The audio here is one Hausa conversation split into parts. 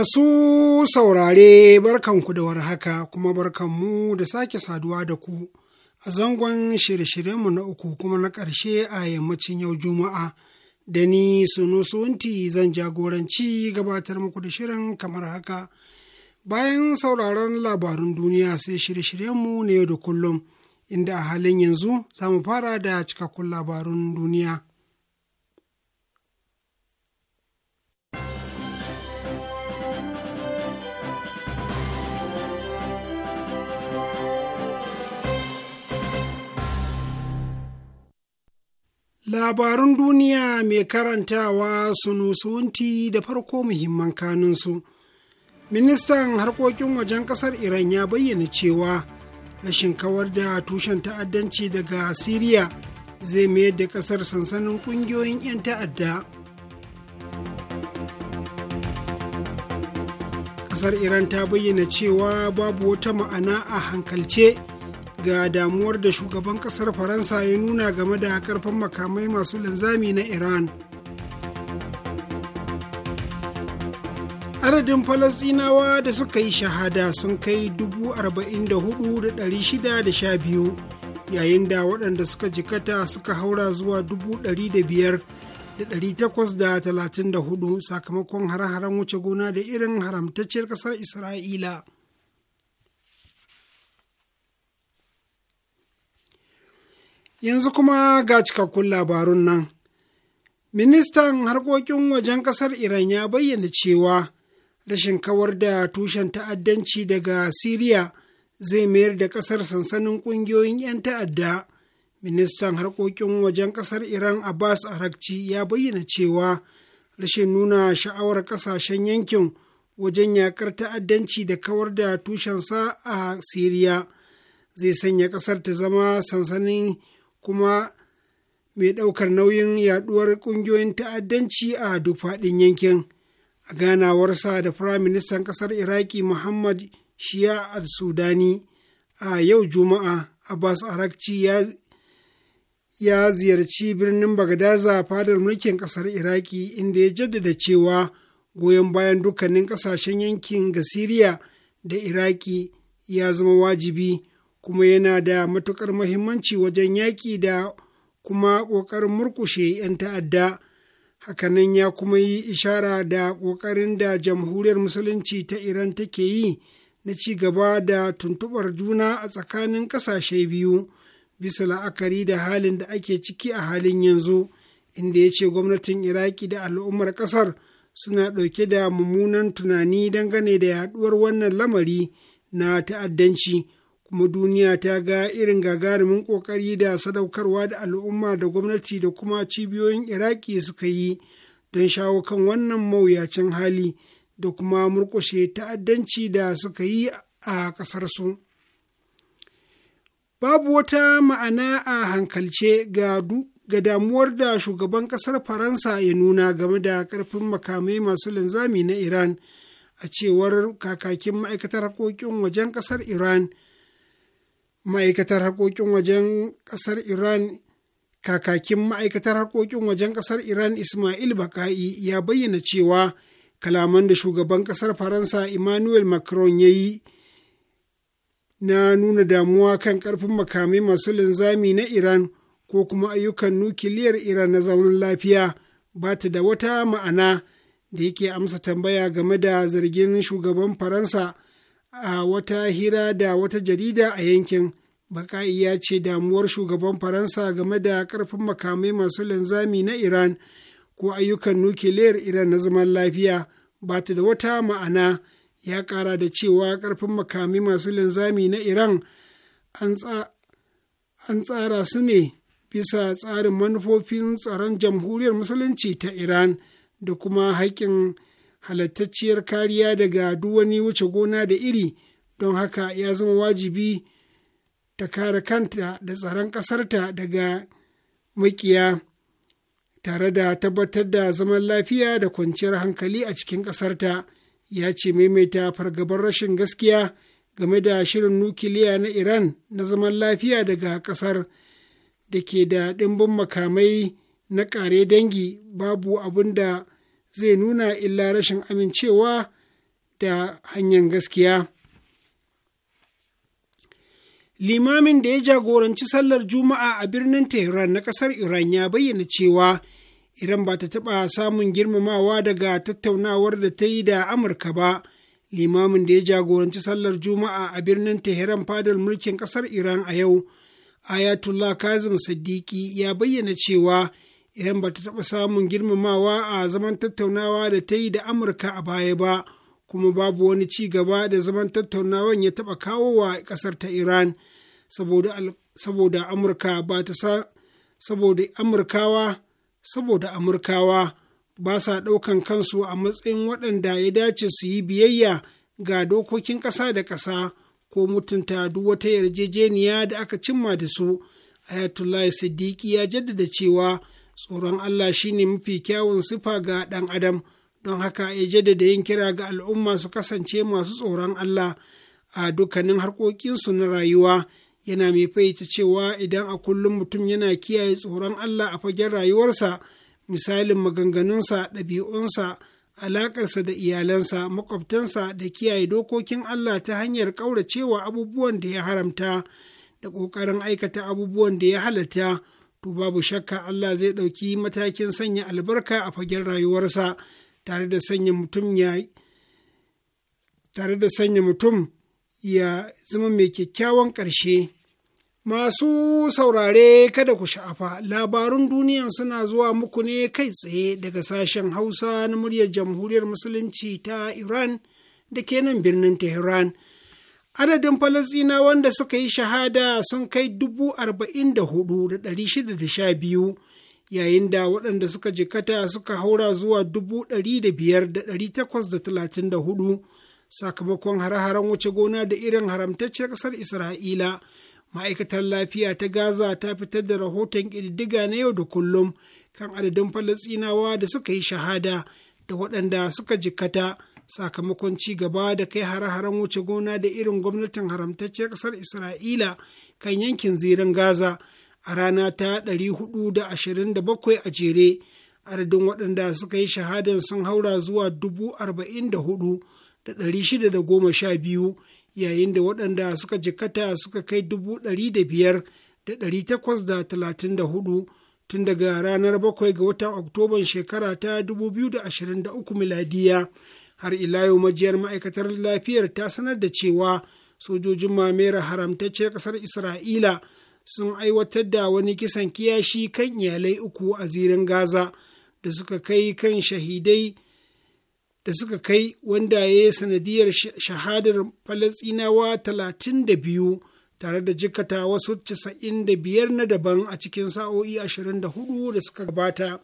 Masu saurare barkanku da warhaka kuma barkanmu da sake saduwa da ku a zangon shirye-shiryenmu na uku kuma na ƙarshe a yammacin yau Juma'a da ni Suno Suwanti zan jagoranci gabatar muku da shirin kamar haka. Bayan sauraron labarun duniya sai shirye-shiryenmu na yau da kullum inda a halin yanzu za mu fara da cikakkun labarun duniya. Labarun duniya mai karantawa su sunusunti da farko muhimman kanunsu. Ministan harkokin wajen ƙasar Iran ya bayyana cewa rashin kawar da tushen ta'addanci daga Siriya zai mayar da ƙasar sansanin ƙungiyoyin 'yan ta'adda. Ƙasar Iran ta bayyana cewa babu wata ma'ana a hankalce. ga damuwar da shugaban kasar faransa ya nuna game da karfin makamai masu linzami na iran adadin falasinawa da suka yi shahada sun kai 44,612 yayin da waɗanda suka jikata suka haura zuwa 500,834 sakamakon hare-haren wuce gona da irin haramtacciyar ƙasar isra'ila Yanzu kuma ga cikakkun labarun nan. Ministan harkokin wajen ƙasar Iran ya bayyana cewa rashin kawar da tushen ta'addanci daga Siriya zai mayar da ƙasar sansanin ƙungiyoyin 'yan ta'adda. Ministan harkokin wajen ƙasar Iran Abbas Arakci ya bayyana cewa rashin nuna sha'awar ƙasashen yankin wajen yakar ta'addanci da kawar da tushensa a Siriya zai sanya ƙasar ta zama sansanin kuma mai ɗaukar nauyin yaɗuwar ƙungiyoyin ta'addanci a duk faɗin yankin a ganawarsa da firaministan ƙasar iraki muhammad shia al-sudani a yau juma'a abbas arakci ya ziyarci birnin bagadaza fadar mulkin ƙasar iraki inda ya jaddada cewa goyon bayan dukkanin ƙasashen yankin ga siriya da iraki ya zama wajibi kuma yana da matuƙar muhimmanci wajen yaƙi da kuma ƙoƙarin murkushe 'yan ta'adda hakanan ya kuma yi ishara da ƙoƙarin da jamhuriyar musulunci ta iran take yi na ci gaba da tuntuɓar juna a tsakanin ƙasashe biyu bisa la'akari da halin da ake ciki a halin yanzu inda ya ce gwamnatin iraki da al'ummar ƙasar suna ɗauke da mummunan tunani dangane da yaɗuwar wannan lamari na ta'addanci kuma duniya ta ga irin gagarumin ƙoƙari da sadaukarwa da al'umma da gwamnati da kuma cibiyoyin iraki suka yi don shawo kan wannan mawuyacin hali da kuma murkushe ta'addanci da suka yi a ƙasarsu babu wata ma'ana a hankalce ga ga damuwar da shugaban ƙasar faransa ya nuna game da ƙarfin makamai masu linzami na iran a cewar kakakin ma'aikatar harkokin wajen ƙasar iran ma'aikatar harkokin wajen kasar iran kakakin ma'aikatar harkokin wajen ƙasar iran ismail baka'i ya bayyana cewa kalaman da shugaban ƙasar faransa emmanuel macron ya yi na nuna damuwa kan ƙarfin makamai masu linzami na iran ko kuma ayyukan nukiliyar iran na zaunin lafiya ba ta da wata ma'ana da yake amsa tambaya game da zargin shugaban faransa a wata hira da wata jarida a yankin baƙa'i ya ce damuwar shugaban faransa game da ƙarfin makamai masu linzami na iran ko ayyukan nukiliyar iran na zaman lafiya ba ta da wata ma'ana ya ƙara da cewa ƙarfin makamai masu linzami na iran an tsara su ne bisa tsarin manufofin tsaron jamhuriyar musulunci ta iran da kuma haƙƙin halattacciyar kariya daga duk wani wuce gona da iri don haka ya zama wajibi ta kare kanta da tsaron ƙasarta daga makiya tare da tabbatar da zaman lafiya da kwanciyar hankali a cikin ƙasarta ya ce maimaita fargabar rashin gaskiya game da shirin nukiliya na iran na zaman lafiya daga ƙasar da ke da ɗimbin makamai na ƙare dangi babu abin da zai nuna illa rashin amincewa da hanyar gaskiya. Limamin da ya jagoranci sallar Juma'a a birnin Tehran na ƙasar Iran ya bayyana cewa Iran ba ta taɓa samun girmamawa daga tattaunawar da ta yi da Amurka ba. Limamin da ya jagoranci sallar Juma'a a birnin Tehran fadar mulkin ƙasar Iran a yau, Ayatullah Kazim Siddiqi ya bayyana cewa yan ba ta taɓa samun girmamawa a zaman tattaunawa da ta yi da amurka a baya ba kuma babu wani ci gaba da zaman tattaunawan ya taɓa kawo wa ƙasar ta iran saboda amurkawa saboda amurkawa ba sa ɗaukan kansu a matsayin waɗanda ya dace su yi biyayya ga dokokin ƙasa da ƙasa ko mutunta duk wata yarjejeniya da aka cimma da su ayatollah siddiqi ya jaddada cewa tsoron Allah shi ne mafi kyawun sifa ga ɗan adam don haka ya jaddada yin kira ga al'umma su kasance masu tsoron Allah a dukkanin harkokinsu na rayuwa yana mai fahimta cewa idan a kullum mutum yana kiyaye tsoron Allah a fagen rayuwarsa misalin maganganunsa ɗabi'unsa alaƙarsa da iyalansa makwabtansa da kiyaye dokokin Allah ta hanyar ƙauracewa abubuwan da ya haramta da ƙoƙarin aikata abubuwan da ya halatta to babu shakka Allah zai ɗauki matakin sanya albarka a fagen rayuwarsa tare da sanya mutum ya zama mai kyakkyawan ƙarshe. Masu saurare kada ku sha'afa labarun duniya suna zuwa muku ne kai tsaye daga sashen Hausa na muryar Jamhuriyar Musulunci ta Iran da ke nan birnin Tehran. Adadin Falasina wanda suka yi shahada sun kai dubu arba'in da hudu da ɗari shida da sha biyu, yayin da waɗanda suka jikata suka haura zuwa dubu ɗari da biyar da ɗari takwas da talatin da hudu, sakamakon hare-haren wuce gona da irin haramtacciyar ƙasar Isra'ila. ma'aikatar lafiya ta gaza ta fitar da rahoton ƙididdiga na yau da kullum kan adadin falasinawa da suka yi shahada da waɗanda suka jikkata sakamakon ci gaba da kai hare-haren wuce gona da irin gwamnatin haramtacciyar ƙasar isra'ila kan yankin zirin gaza a rana ta 427 a jere adadin waɗanda suka yi shahadan sun haura zuwa 44,612 yayin da waɗanda suka jikata suka kai 500,834 tun daga ranar bakwai ga watan oktoban shekara ta 2023 miladiya. har ila yau majiyar ma'aikatar lafiyar ta sanar da cewa sojojin mamera haramtacciyar ƙasar isra'ila sun aiwatar da wani kisan kiyashi kan iyalai uku a zirin gaza da suka kai kan shahidai da suka kai wanda ya yi sanadiyar shahadar falasinawa talatin tare da jikata wasu casa'in biyar na daban a cikin sa'o'i ashirin da da suka gabata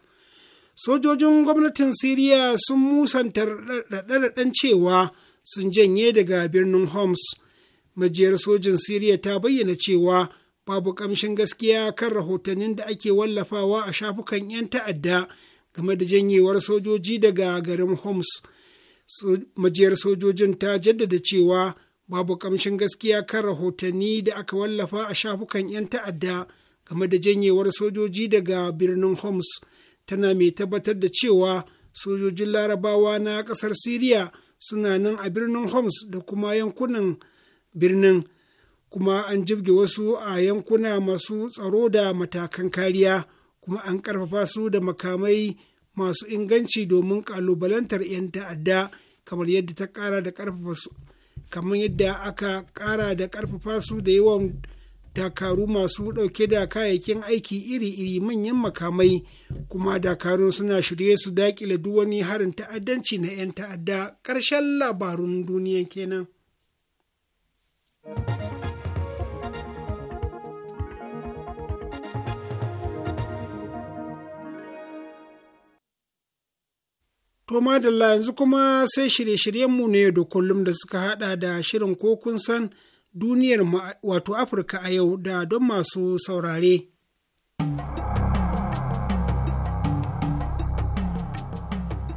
sojojin gwamnatin siriya sun musanta raɗaɗen cewa sun janye daga birnin homs majiyar sojin siriya ta bayyana cewa babu ƙamshin gaskiya kan rahotannin da ake wallafawa a shafukan 'yan ta'adda game da janyewar sojoji daga garin homs majiyar sojojin ta jaddada cewa babu ƙamshin gaskiya kan rahotanni da aka wallafa a shafukan 'yan ta'adda game da janyewar sojoji daga birnin homs tana mai tabbatar da cewa sojojin larabawa na ƙasar siriya suna nan a birnin homs da kuma yankunan birnin kuma an jibge wasu a yankuna masu tsaro da matakan kariya kuma an ƙarfafa su da makamai masu inganci domin ƙalubalantar 'yan ta'adda kamar yadda ta kara da karfafa aka ƙara da ƙarfafa su da yawan dakaru masu ɗauke da kayayyakin aiki iri-iri manyan makamai kuma dakarun suna shirye su daƙile duk wani harin ta'addanci na 'yan ta'adda ƙarshen labarun duniya kenan. To madalla yanzu kuma sai shirye-shiryenmu ne da kullum da suka hada da shirin ko kun san duniyar wato afirka a yau da don masu saurare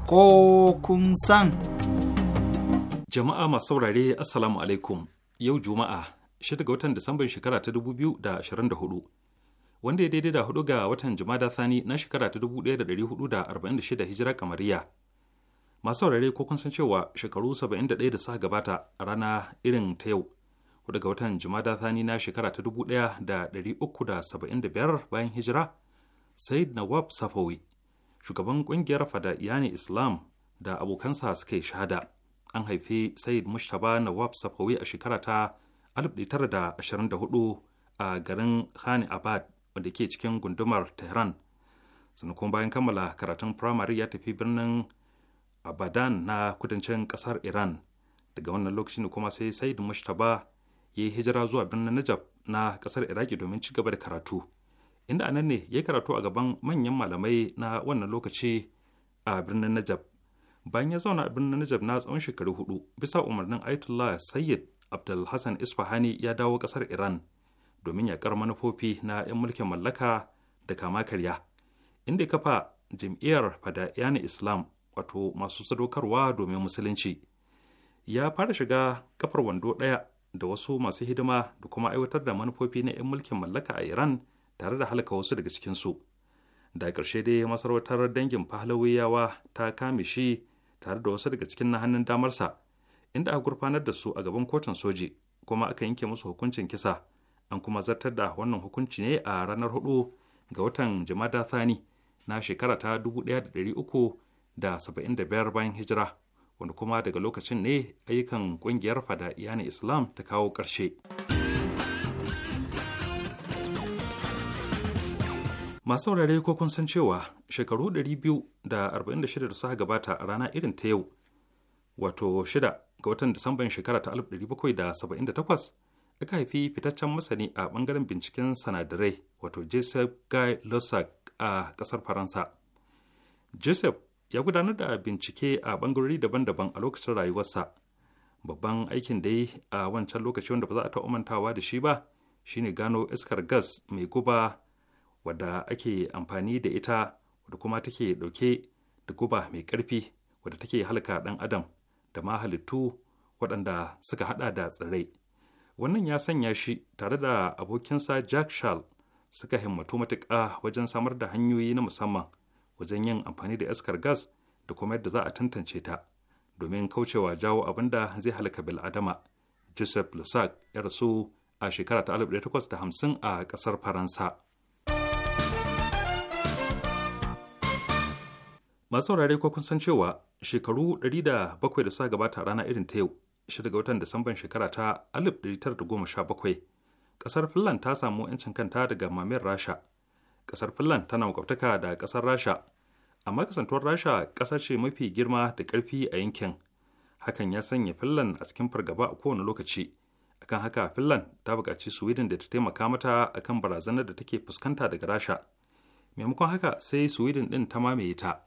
ko kun san jama'a masu saurare assalamu alaikum yau juma'a 6 ga watan disamban shekara ta 2024 wanda ya daidai da hudu ga watan jumada thani na shekara ta 1446 hijira kamariya masu saurare ko kun san cewa shekaru 71 da suka gabata a rana irin ta yau ko ga watan jumada thani na shekara ta dubu da da da uku saba'in biyar bayan hijira said nawab safawi shugaban kungiyar fada'iyani islam da abokansa suka yi shahada an haifi said mushtaba nawab safawi a shekara ta 1924 a garin khani abad wanda ke cikin gundumar tehran sannan kuma bayan kammala karatun firamare ya tafi birnin abadan na kudancin kasar iran daga wannan lokacin kuma sai said mushtaba ya yi hijira zuwa birnin Najaf na ƙasar Iraki domin ci gaba da karatu. Inda a nan ne ya karatu a gaban manyan malamai na wannan lokaci a birnin Najaf. Bayan ya zauna a birnin Najaf na tsawon shekaru hudu bisa umarnin Ayatollah Sayyid Abdul Hassan Isfahani ya dawo ƙasar Iran domin yaƙar manufofi na 'yan mulkin mallaka da kama karya. Inda ya kafa jam'iyyar Fada'iyan Islam wato masu sadaukarwa domin musulunci. Ya fara shiga kafar wando ɗaya da wasu masu hidima da kuma aiwatar da manufofi na 'yan mulkin mallaka a Iran tare da halaka wasu daga cikinsu. Da ƙarshe dai masarautar dangin fahlawiyawa ta kame shi tare da wasu daga cikin na hannun damarsa, inda aka gurfanar da su a gaban kotun soji kuma aka yanke musu hukuncin kisa, an kuma zartar da wannan hukunci ne a ranar hudu ga watan Jumada Thani na shekara ta 1375 bayan hijira. wanda kuma daga lokacin ne ayyukan ƙungiyar fada na islam ta kawo ƙarshe masu saurare ko kun san cewa shekaru 246 da suka gabata a rana irin ta yau wato 6 ga watan disamban shekara ta 1778 aka haifi fitaccen masani a bangaren binciken sanadarai wato joseph guy lossack a kasar faransa joseph ya gudanar da bincike a bangarori daban-daban a lokacin rayuwarsa babban aikin da yi a wancan lokaci wanda ba za a ta umantawa da shi ba shine gano iskar gas mai guba wadda ake amfani da ita wadda kuma take dauke da guba mai karfi wadda take halaka dan adam da ma halittu waɗanda suka hada da tsirrai wannan ya sanya shi tare da abokinsa jack shal suka himmatu matuƙa wajen samar da hanyoyi na musamman wajen yin amfani da iskar gas da kuma yadda za a tantance ta domin kaucewa jawo abin da zai halaka bil'adama joseph lusac ya rasu a shekara ta hamsin a ƙasar faransa masu saurare ko kun san cewa shekaru 107 da suka gabata a rana irin ta yau shirga watan disamban shekara ta 1917 kasar finland ta samu 'yancin kanta daga mamayar rasha kasar finland tana makwabtaka da kasar rasha amma kasantuwar rasha ƙasa ce mafi girma da ƙarfi a yankin hakan ya sanya finland a cikin fargaba a kowane lokaci akan haka finland ta buƙaci sweden da ta taimaka mata akan barazanar da take fuskanta daga rasha maimakon haka sai sweden ɗin ta mamaye ta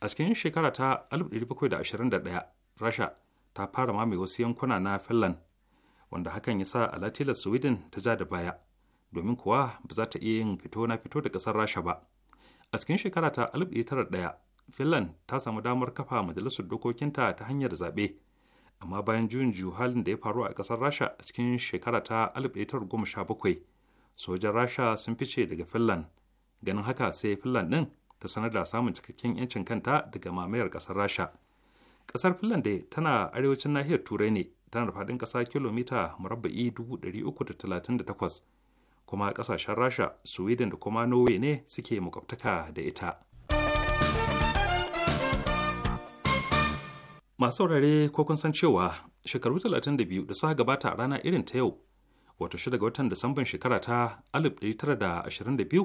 a cikin shekara ta 1721 rasha ta fara mamaye wasu yankuna na finland wanda hakan ya sa alatilar sweden ta ja da baya domin kuwa ba za ta iya yin fito na fito da ƙasar rasha ba a cikin shekara ta 1901 finland ta samu damar kafa majalisar dokokinta ta hanyar zaɓe amma bayan juyin juyu halin da ya faru a ƙasar rasha a cikin shekara ta 1917 sojan rasha sun fice daga finland ganin haka sai finland ɗin ta sanar da samun cikakken 'yancin kanta daga mamayar ƙasar rasha ƙasar finland dai tana arewacin nahiyar turai ne tana da faɗin ƙasa kilomita murabba'i 338 kuma kasashen rasha sweden da kuma norway ne suke makwabtaka da ita masu saurare ko kun san cewa shekaru 32 da suka gabata a rana irin ta yau wato shida ga watan disamban shekara ta 1922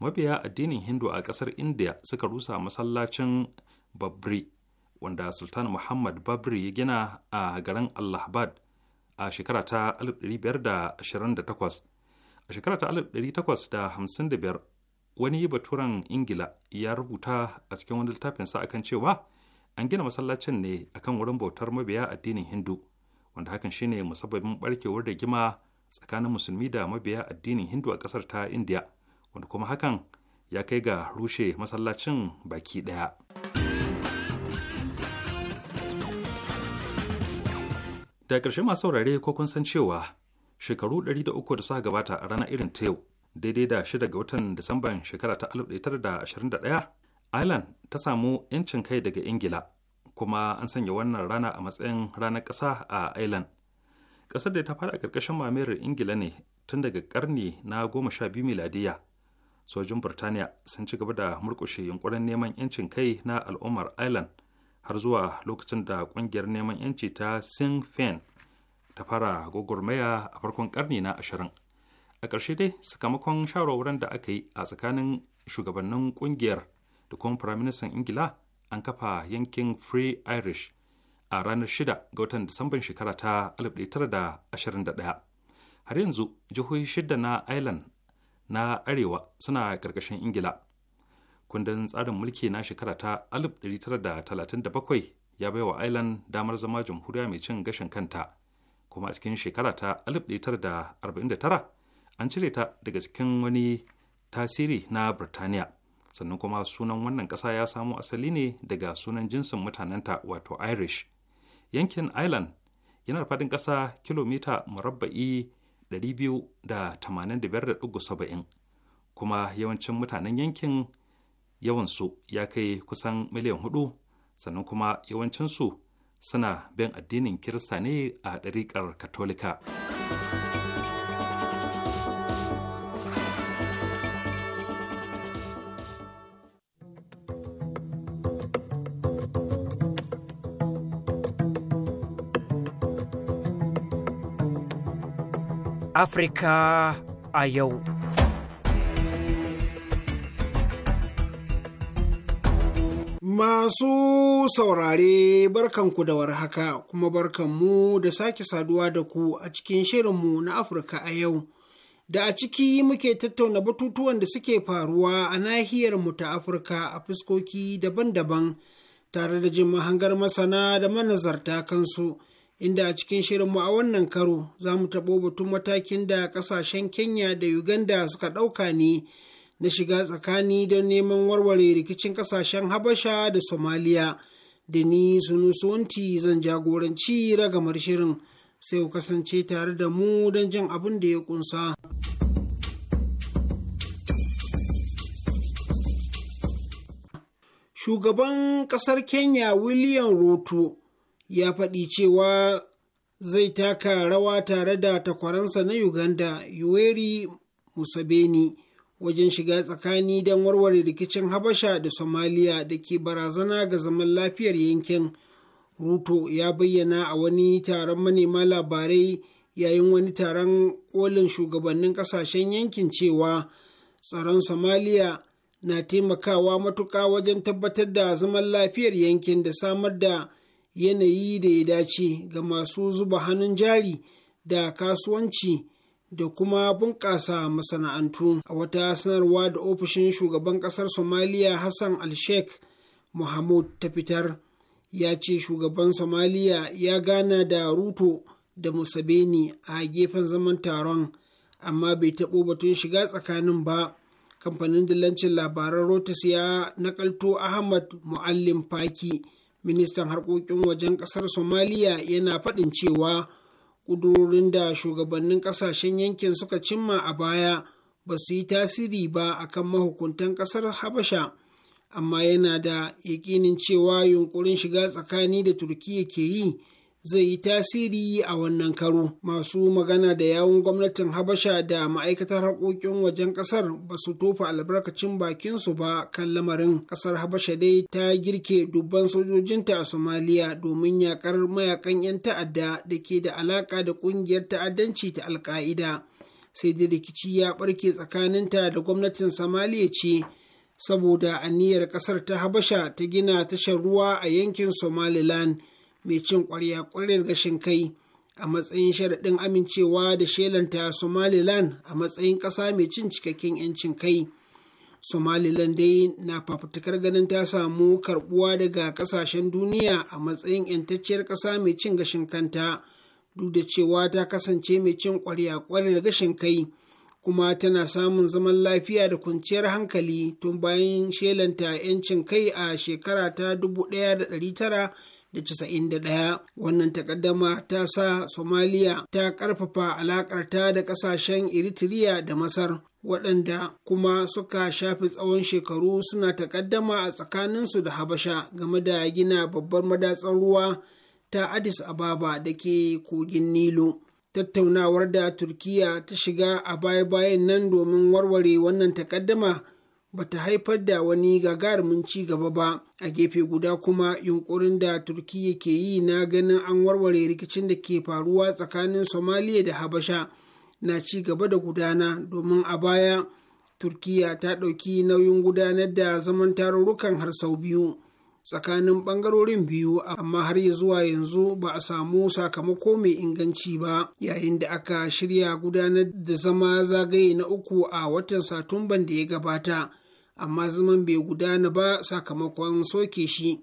mabiya addinin hindu a kasar india suka rusa masallacin babri wanda sultan muhammad babri ya gina a garin allahabad a shekara ta 1528 a shekarar ta 1855 wani baturan ingila ya rubuta a cikin wani littafinsa akan cewa an gina masallacin ne akan wurin bautar mabiya addinin hindu wanda hakan shine musabbabin barkewar da gima tsakanin musulmi da mabiya addinin hindu a kasar ta india wanda kuma hakan ya kai ga rushe masallacin baki ɗaya. da ƙarshe masu saurare ko kun san cewa shekaru 300 da suka gabata a ranar irin ta yau daidai da 6 ga watan disamban shekara ta 1921 ireland ta samu 'yancin kai daga ingila kuma an sanya wannan rana a matsayin ranar ƙasa a ireland ƙasar da ta fara a ƙarƙashin mamayar ingila ne tun daga ƙarni na 12 miladiya sojin burtaniya sun ci gaba da murkushe yunkurin neman 'yancin kai na al'ummar ireland har zuwa lokacin da ƙungiyar neman 'yanci ta sinn féin ta fara gwagwarmaya a farkon karni na ashirin a ƙarshe dai sakamakon shawarwarin da aka yi a tsakanin shugabannin ƙungiyar da kuma firaministan ingila an kafa yankin free irish a ranar 6 ga watan disamban shekara ta 1921 har yanzu jihohi shida na ireland na arewa suna ƙarƙashin ingila kundin tsarin mulki na shekara ta 1937 ya baiwa ireland damar zama jamhuriya mai cin gashin kanta kuma a cikin shekara ta 1949 an cire ta daga cikin wani tasiri na Birtaniya. Sannan kuma sunan wannan ƙasa ya samo asali ne daga sunan jinsin mutanenta wato Irish. Yankin Ireland yana da faɗin ƙasa kilomita murabba'i 285.70 kuma yawancin mutanen yankin yawansu ya kai kusan miliyan hudu sannan kuma yawancinsu suna bin addinin kirista ne a ɗariƙar katolika Afirka a yau. Masu saurare barkanku da warhaka kuma barkanmu da sake saduwa da ku a cikin shirinmu na Afirka a yau. Da a ciki muke tattauna batutuwan da suke faruwa a nahiyar mu ta Afirka a fuskoki daban-daban tare da jin mahangar masana da manazarta kansu. Inda a cikin shirinmu a wannan karo za mu taɓo batun matakin da ƙasashen Kenya da Uganda suka ɗauka ne. na shiga tsakani don neman warware rikicin kasashen habasha da somaliya da ni sunusunti zan jagoranci ragamar shirin sai ku kasance tare da mu don jin abin da ya kunsa. Shugaban kasar Kenya William Ruto ya faɗi cewa zai taka rawa tare da takwaransa na Uganda Yoweri musabeni. wajen shiga tsakani don warware rikicin habasha da somaliya da ke barazana ga zaman lafiyar yankin ruto ya bayyana a wani taron manema labarai yayin wani taron kolin shugabannin kasashen yankin cewa tsaron somaliya na taimakawa matuƙa wajen tabbatar da zaman lafiyar yankin da samar da yanayi da ya dace ga masu zuba hannun jari da kasuwanci da kuma bunƙasa masana'antu a wata sanarwa da ofishin shugaban ƙasar somaliya hassan alshek muhammad ta fitar ya ce shugaban somaliya ya gana da ruto da musabeni a gefen zaman taron amma bai taɓo batun shiga tsakanin ba kamfanin dillancin labaran rotus ya nakalto ahmad muallim faki ministan harkokin wajen ƙasar somaliya yana faɗin cewa ƙudurorin da shugabannin ƙasashen yankin suka cimma a baya ba su yi tasiri ba a kan mahukuntan ƙasar habasha amma yana da yaƙinin cewa yunkurin shiga tsakani da turkiyya ke yi zai yi tasiri a wannan karo masu magana da yawun gwamnatin habasha da ma'aikatar harkokin wajen ƙasar ba su tofa albarkacin bakinsu ba kan lamarin Ƙasar habasha dai ta girke dubban sojojinta a somaliya domin yakar mayakan 'yan ta'adda da ke da alaƙa da ƙungiyar ta'addanci ta alka'ida sai dai rikici ya barke tsakaninta da gwamnatin somaliya ce saboda aniyar ƙasar ta habasha ta gina tashar ruwa a yankin somaliland mai cin kwarya kwarar gashin kai a matsayin sharaɗin amincewa da shelanta somaliland a matsayin ƙasa mai cin cikakken 'yancin kai somaliland dai na fafutukar ganin ta samu karbuwa daga ƙasashen duniya a matsayin 'yantacciyar ƙasa mai cin gashin kanta duk da cewa ta kasance mai cin kwarya kwarar gashin kai kuma tana samun zaman lafiya da kwanciyar hankali tun bayan shelanta 'yancin kai a shekara ta 1900 da casa'in da ɗaya wannan takaddama ta sa somaliya ta ƙarfafa alaƙarta da ƙasashen eritrea da masar waɗanda kuma suka shafi tsawon shekaru suna takaddama a tsakaninsu da habasha game da gina babbar madatsar ruwa ta addis ababa da ke kogin nilo tattaunawar da turkiya ta shiga a baya-bayan nan domin warware wannan takaddama ba ta haifar da wani gagarumin ci gaba ba a gefe guda kuma yunkurin da turkiyya ke yi na ganin an warware rikicin da ke faruwa tsakanin somaliya da habasha na ci gaba da gudana domin a baya turkiyya ta ɗauki nauyin gudanar da zaman tarurrukan har sau biyu tsakanin ɓangarorin biyu amma har ya zuwa yanzu ba a samu sakamako mai inganci ba yayin da aka shirya gudanar da zama zagaye na uku a watan satumban da ya gabata amma zaman bai gudana ba sakamakon soke shi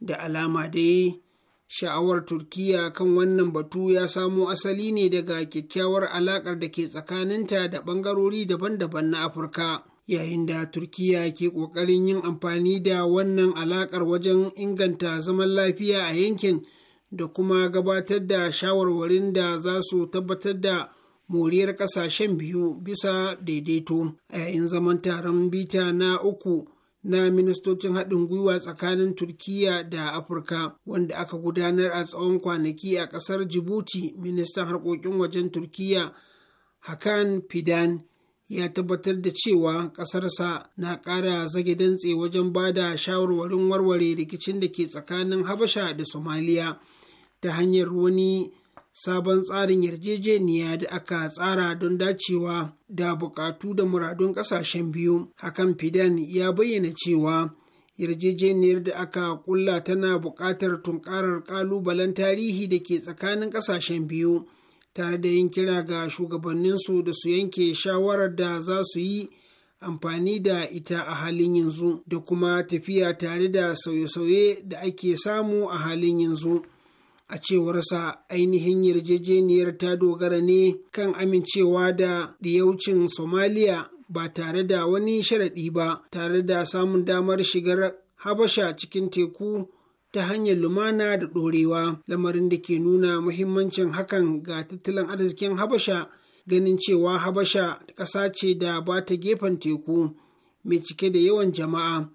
da alama dai sha'awar turkiya kan wannan batu ya samo asali ne daga kyakkyawar alakar da ke tsakaninta da ɓangarori daban-daban na afirka yayin da turkiya ke ƙoƙarin yin amfani da wannan alaƙar wajen inganta zaman lafiya a yankin da kuma gabatar da shawarwarin da za su tabbatar da moriyar kasashen biyu bisa daidaito a yayin zaman taron bita na uku na ministocin haɗin gwiwa tsakanin turkiya da afirka wanda aka gudanar a tsawon kwanaki a ƙasar jibuti ministan harkokin wajen turkiya hakan fidan ya tabbatar da cewa ƙasarsa na ƙara zage dantse wajen ba da shawarwarin warware rikicin da ke tsakanin habasha da somaliya ta hanyar wani sabon tsarin yarjejeniya da aka tsara don dacewa da bukatu da muradun kasashen biyu hakan fidan ya bayyana cewa yarjejeniyar da aka kulla tana buƙatar tunkarar ƙalubalen tarihi da ke tsakanin ƙasashen biyu tare da yin kira ga shugabanninsu da su yanke shawarar da za su yi amfani da ita a halin yanzu da kuma tafiya tare da sauye-sauye da ake samu a halin yanzu. a cewarsa ainihin yarjejeniyar ta dogara ne kan amincewa da diyaucin somaliya ba tare da wani sharaɗi ba tare da samun damar shigar habasha cikin teku ta hanyar lumana da ɗorewa lamarin da ke nuna muhimmancin hakan ga tattalin arzikin habasha ganin cewa habasha ƙasa ce da ba ta gefen teku mai cike da yawan jama'a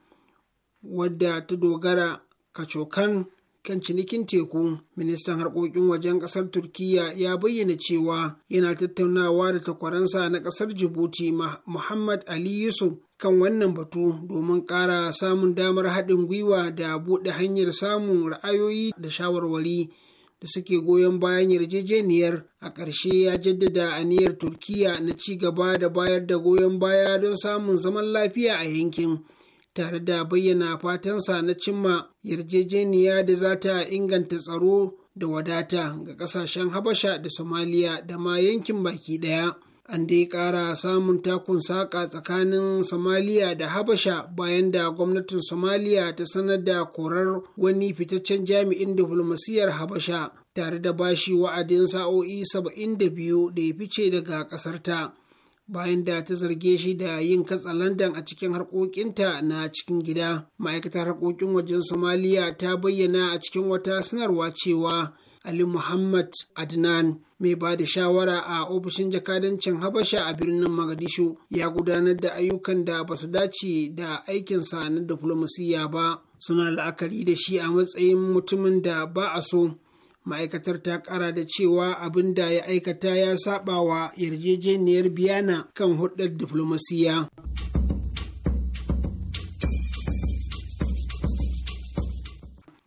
wadda ta dogara kacokan kan cinikin teku ministan harkokin wajen kasar Turkiyya ya bayyana cewa yana tattaunawa da takwaransa na kasar jibuti muhammad ali yusuf kan wannan batu domin ƙara samun damar haɗin gwiwa da buɗe hanyar samun ra'ayoyi da shawarwari da suke goyon bayan yarjejeniyar a ƙarshe ya jaddada aniyar Turkiyya na ci gaba da bayar da goyon baya don samun zaman lafiya a yankin tare da bayyana fatansa na cimma yarjejeniya da za ta inganta tsaro da wadata ga kasashen habasha da somaliya da ma yankin baki daya an dai kara samun takun saƙa tsakanin somaliya da habasha bayan da gwamnatin somaliya ta sanar da korar wani fitaccen jami'in diflomasiyyar habasha tare da bashi wa'adin sa'o'i 72 da ya fice daga ƙasarta bayan da ta zarge shi da yin katsalandan a cikin harkokinta na cikin gida ma'aikatar harkokin wajen somaliya ta bayyana a cikin wata sanarwa cewa ali muhammad adnan mai ba da shawara a ofishin jakadancin habasha a birnin magadishu ya gudanar da ayyukan da ba su dace da aikinsa na diflomasiyya ba suna la'akari da shi a matsayin mutumin da ba a so ma'aikatar ta kara da cewa abin da ya aikata ya saba wa yarjejeniyar biyana kan hudar diflomasiya.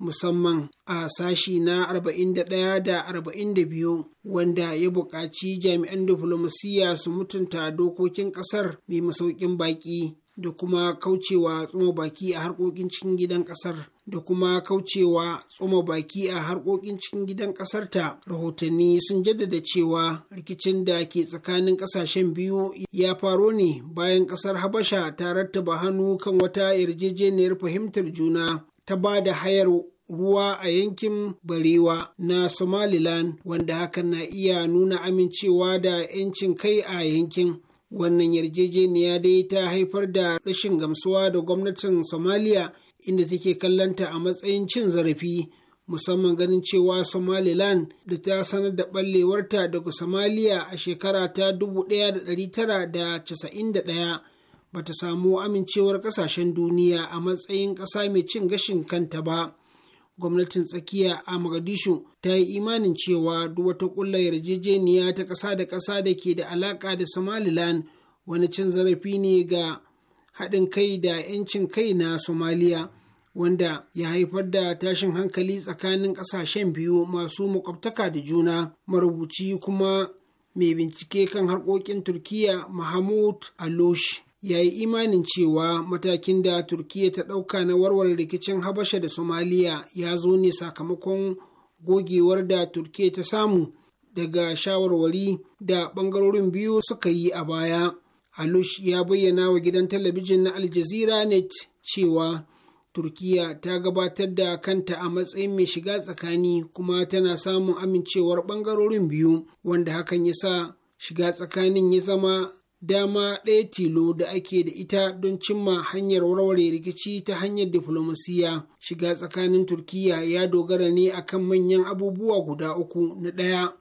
musamman a sashi na 41 da 42 wanda ya buƙaci jami'an diflomasiya su mutunta dokokin ƙasar mai masaukin baƙi da kuma kaucewa tsoma baki a harkokin cikin gidan ƙasar da kuma kaucewa tsoma baki a harkokin cikin gidan kasar ta rahotanni sun jaddada cewa rikicin da ke tsakanin ƙasashen biyu ya faro ne bayan ƙasar habasha ta rattaba hannu kan wata yarjejeniyar fahimtar juna ta ba da hayar ruwa a yankin barewa na somaliland wanda hakan na iya nuna amincewa da 'yancin kai a yankin wannan yarjejeniya dai ta haifar da rashin gamsuwa da gwamnatin Somalia inda take kallanta a matsayin cin zarafi musamman ganin cewa somaliland da ta sanar da ɓallewarta daga Somalia a shekara ta 1991 bata samu amincewar ƙasashen duniya a matsayin ƙasa mai cin gashin kanta ba. gwamnatin tsakiya a Mogadishu ta yi imanin cewa duk wata ƙulla yarjejeniya ta ƙasa da ƙasa da ke da alaƙa da Somaliland wani cin zarafi ne ga haɗin kai da 'yancin kai na Somaliya wanda ya haifar da tashin hankali tsakanin ƙasashen biyu masu makwabtaka da juna marubuci kuma mai bincike kan harkokin Turkiya Mahmud Alush ya yi imanin cewa matakin da turkiya ta ɗauka na warware rikicin habasha da somaliya ya zo ne sakamakon gogewar da turkiya ta samu daga shawarwari da ɓangarorin biyu suka yi a baya alush ya bayyana wa gidan talabijin na aljazeera net cewa turkiya ta gabatar da kanta a matsayin mai shiga tsakani kuma tana samun amincewar bangarorin biyu wanda hakan ya sa shiga tsakanin ya zama dama ɗaya tilo da ake da ita don cimma hanyar warware rikici ta hanyar diflomasiyya. shiga tsakanin turkiya ya dogara ne akan manyan abubuwa guda uku na ɗaya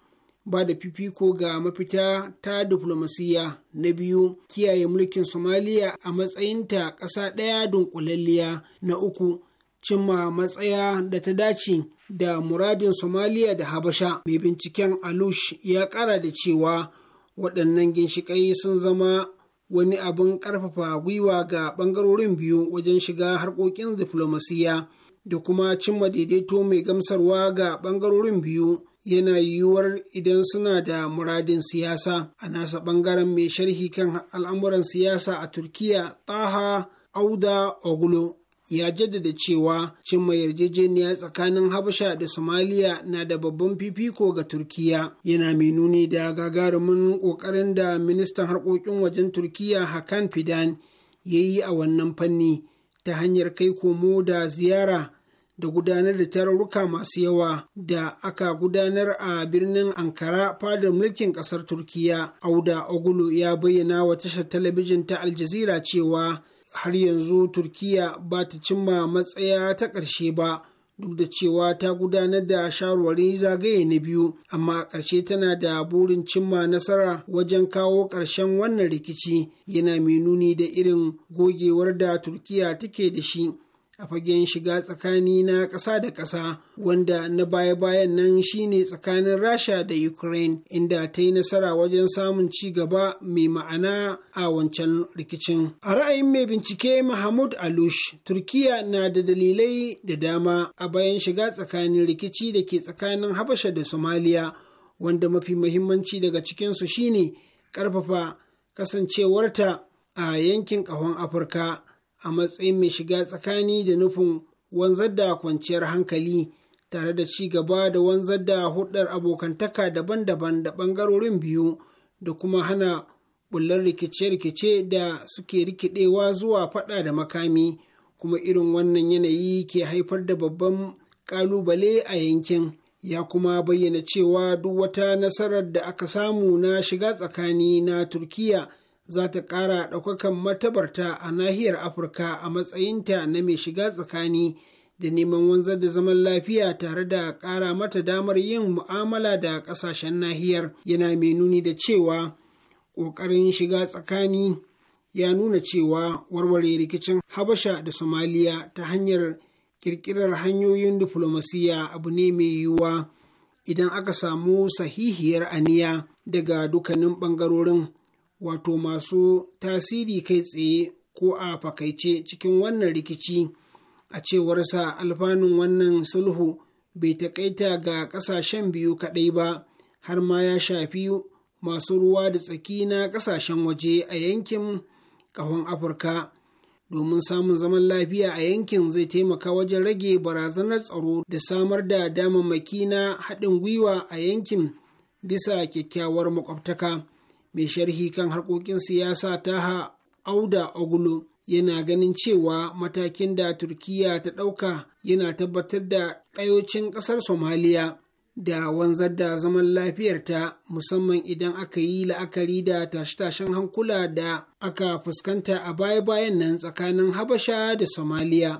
ba da fifiko ga mafita ta diflomasiyya; na biyu kiyaye mulkin somaliya a matsayinta ƙasa ɗaya dunkulalliya na uku cimma matsaya da ta dace da muradin somaliya da habasha mai binciken alush ya ƙara da cewa waɗannan ginshiƙai sun zama wani abin ƙarfafa gwiwa ga ɓangarorin biyu wajen shiga harkokin diflomasiyya da kuma cimma daidaito mai gamsarwa ga ɓangarorin biyu yana yiwuwar idan suna da muradin siyasa a nasa ɓangaren mai sharhi kan al'amuran siyasa a turkiya taha auda ogulo ya jaddada cewa cimma yarjejeniya tsakanin habasha da somaliya na da babban fifiko ga turkiya yana mai nuni da gagarumin kokarin da ministan harkokin wajen turkiya hakan fidan ya yi a wannan fanni ta hanyar kai komo da ziyara da gudanar da tarurruka masu yawa da aka gudanar a birnin ankara fadar mulkin kasar turkiya auda ogulu ya bayyana wa tashar talabijin ta aljazira cewa har yanzu turkiya ba ta cimma matsaya ta ƙarshe ba duk da cewa ta gudanar da shawarwari zagaye na biyu amma a ƙarshe tana da burin cimma nasara wajen kawo ƙarshen wannan rikici yana mai nuni da irin gogewar da turkiya take da shi a fagen shiga tsakani na ƙasa da ƙasa wanda na baya-bayan nan shine tsakanin rasha da ukraine inda ta yi nasara wajen samun ci gaba mai ma'ana a wancan rikicin a ra'ayin mai bincike mahmud alush turkiya na da dalilai da dama a bayan shiga tsakanin rikici da ke tsakanin habasha da somaliya wanda mafi mahimmanci daga cikinsu shine ƙarfafa kasancewarta a yankin ƙahon afirka a matsayin mai shiga tsakani da nufin wanzar da kwanciyar hankali tare da ci gaba da wanzar da hudar abokantaka daban-daban da ɓangarorin biyu da kuma hana bullar rikice-rikice da suke rikidewa zuwa faɗa da makami kuma irin wannan yanayi ke haifar da babban ƙalubale a yankin ya kuma bayyana cewa duk wata nasarar da aka samu na shiga tsakani na turkiya za ta ƙara ɗaukakan matabarta a nahiyar afirka a matsayinta na mai shiga tsakani da neman wanzar da zaman lafiya tare da ƙara mata damar yin mu'amala da ƙasashen nahiyar yana mai nuni da cewa ƙoƙarin shiga tsakani ya nuna cewa warware rikicin habasha da somaliya ta hanyar ƙirƙirar hanyoyin diflomasiya abu ne mai yiwuwa idan aka samu sahihiyar aniya daga dukkanin ɓangarorin wato masu tasiri kai tsaye ko a fakaice cikin wannan rikici a cewarsa alfanun wannan sulhu bai taƙaita ga ƙasashen biyu kaɗai ba har ma ya shafi masu ruwa da tsaki na ƙasashen waje a yankin ƙahon afirka domin samun zaman lafiya a yankin zai taimaka wajen rage barazanar tsaro da samar da damammaki na haɗin gwiwa a yankin bisa kyakkyawar makwabtaka mai sharhi kan harkokin siyasa taha auda oglu yana ganin cewa matakin da turkiya ta ɗauka yana tabbatar da ɗayocin ƙasar somaliya da wanzar da zaman lafiyarta musamman idan aka yi la'akari da tashe-tashen hankula da aka fuskanta a baya-bayan nan tsakanin habasha da somaliya.